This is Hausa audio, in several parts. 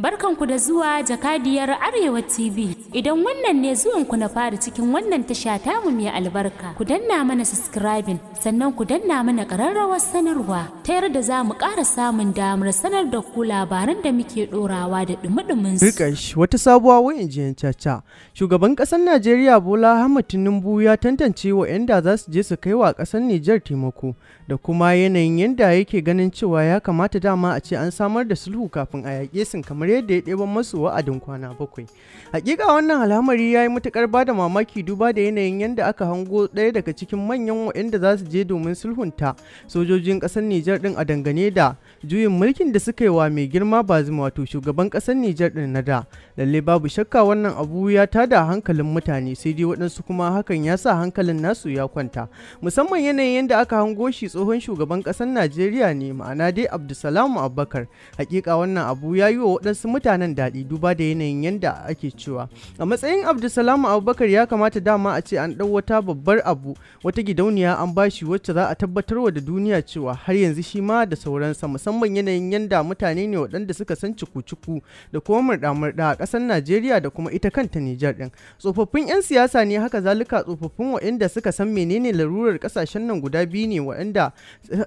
Barkanku da zuwa jakadiyar Arewa TV. Idan wannan ne zuwanku na fara cikin wannan tasha tamu mai albarka, ku danna mana subscribing sannan ku danna mana ƙararrawar sanarwa ta yarda za mu ƙara samun damar sanar da ku labaran da muke ɗorawa da ɗumi-ɗumin su. Rikash wata sabuwa wayan jiyan caca. Shugaban ƙasar Najeriya Bola Ahmed Tinubu ya tantance wa'yanda za su je su kai wa ƙasar Nijar taimako da kuma yanayin yadda yake ganin cewa ya kamata dama a ce an samar da sulhu kafin a yaƙe sun kamar yadda ya ɗeban masu wa'adin kwana bakwai. haƙiƙa wannan alhamari ya yi matuƙar ba da mamaki duba da yanayin yadda aka hango ɗaya daga cikin manyan wa'yanda za su je domin sulhunta sojojin kasar Nijar din a dangane da juyin mulkin da suka yi wa mai girma bazum wato shugaban kasar Nijar din na da. Lalle babu shakka wannan abu ya tada hankalin mutane sai dai waɗansu kuma hakan ya sa hankalin nasu ya kwanta. Musamman yanayin yadda aka hango shi tsohon shugaban kasar Najeriya ne ma'ana dai Abdulsalamu Abubakar. Hakika wannan abu ya yi wa wadansu mutanen daɗi duba da yanayin yadda ake cewa. A matsayin Abdulsalamu Abubakar ya kamata dama a ce an ɗau wata babbar abu wata gidauniya an bashi ce wacce za a tabbatar wa da duniya cewa har yanzu shi ma da sauransa musamman yanayin yanda mutane ne waɗanda suka san cuku-cuku da kuma murɗa-murɗa a ƙasar Najeriya da kuma ita kanta Nijar ɗin. Tsofaffin 'yan siyasa ne haka zalika tsofaffin waɗanda suka san menene larurar ƙasashen nan guda biyu ne waɗanda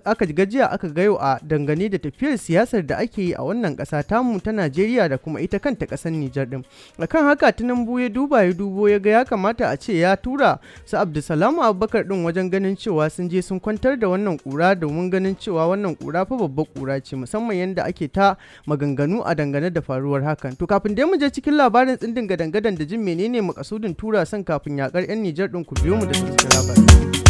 aka gajiya aka gayo a dangane da tafiyar siyasar da ake yi a wannan ƙasa tamu ta Najeriya da kuma ita kanta ƙasar Nijar ɗin. kan haka tunan ya duba ya dubo ya ga ya kamata a ce ya tura su Abdulsalam Abubakar ɗin wajen ganin cewa sun sun je sun kwantar da wannan kura domin ganin cewa wannan kura fa babbar kura ce musamman yadda ake ta maganganu a dangane da faruwar hakan to kafin dai mu je cikin labarin tsindin gadangadan da jin menene makasudin tura son kafin yakar yan Nijar din ku biyo mu da su labarin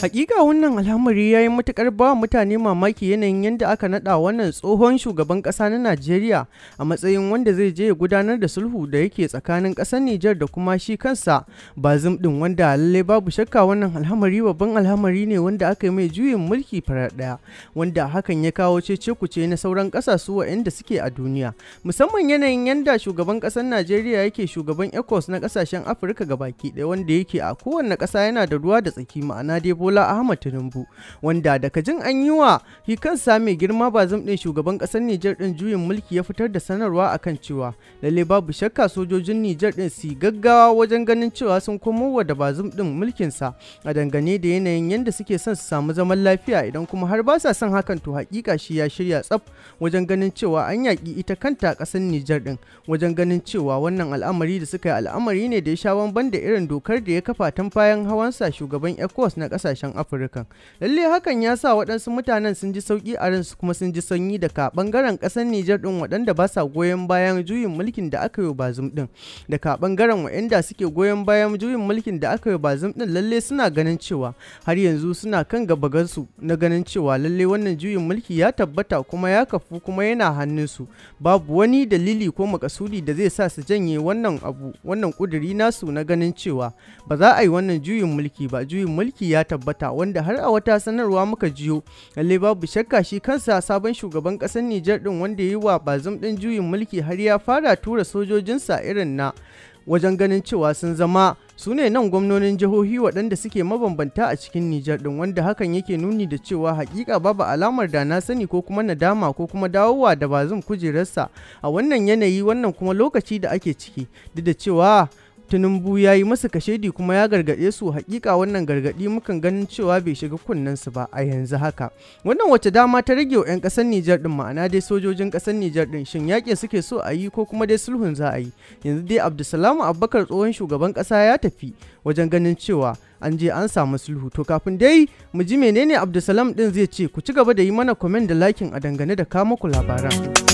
Hakika wannan al'amari ya yi matukar ba mutane mamaki yanayin yadda aka nada wannan tsohon shugaban kasa na Najeriya a matsayin wanda zai je gudanar da sulhu da yake tsakanin kasar Nijar da kuma shi kansa bazum din wanda lalle babu shakka wannan alhamari babban alhamari ne wanda aka yi mai juyin mulki farar daya wanda hakan ya kawo cece kuce na sauran kasasu waɗanda suke a duniya musamman yanayin yadda shugaban kasar Najeriya yake shugaban ECOWAS na kasashen Afirka gabaki ɗaya wanda yake a kowanne kasa yana da ruwa da tsaki ma'ana dai bola ahmad tinubu wanda daga jin an yi wa shi kansa mai girma zan ɗin shugaban ƙasar nijar ɗin juyin mulki ya fitar da sanarwa akan cewa lalle babu shakka sojojin nijar ɗin su gaggawa wajen ganin cewa sun komo wa da bazum ɗin sa a dangane da yanayin yadda suke son su samu zaman lafiya idan kuma har ba sa son hakan to hakika shi ya shirya tsaf wajen ganin cewa an yaƙi ita kanta ƙasar nijar ɗin wajen ganin cewa wannan al'amari da suka yi al'amari ne da ya sha bamban da irin dokar da ya kafa tun bayan hawansa shugaban ecowas na ƙasashe ƙasashen afirka lalle hakan ya sa waɗansu mutanen sun ji sauƙi a ransu kuma sun ji sanyi da ka ɓangaren ƙasar nijar ɗin waɗanda ba sa goyon bayan juyin mulkin da aka yi bazum ɗin ka ɓangaren waɗanda suke goyon bayan juyin mulkin da aka yi bazum ɗin lalle suna ganin cewa har yanzu suna kan gabagansu na ganin cewa lalle wannan juyin mulki ya tabbata kuma ya kafu kuma yana hannunsu babu wani dalili ko makasudi da zai sa su janye wannan abu wannan ƙuduri nasu na ganin cewa ba za a yi wannan juyin mulki ba juyin mulki ya tabbata tabbata wanda har a wata sanarwa muka jiyo lalle babu shakka shi kansa sabon shugaban ƙasar Nijar din wanda ya yi wa bazum ɗin juyin mulki har ya fara tura sojojinsa irin na wajen ganin cewa sun zama su ne nan gwamnonin jihohi waɗanda suke mabambanta a cikin Nijar ɗin wanda hakan yake nuni da cewa hakika babu alamar da na sani ko kuma nadama ko kuma dawowa da bazum kujerarsa a wannan yanayi wannan kuma lokaci da ake ciki duk da cewa Tinubu ya yi masa kashedi kuma ya gargaɗe su hakika wannan gargaɗi mukan ganin cewa bai shiga kunnen su ba a yanzu haka. Wannan wace dama ta rage wa 'yan ƙasar Nijar ɗin ma'ana dai sojojin ƙasar Nijar ɗin shin yaƙin suke so a yi ko kuma dai sulhun za a yi. Yanzu dai Abdulsalamu Abubakar tsohon shugaban ƙasa ya tafi wajen ganin cewa an je an samu sulhu to kafin dai mu ji menene Abdulsalam ɗin zai ce ku ci gaba da yi mana komen da lakin a dangane da kama ku labaran.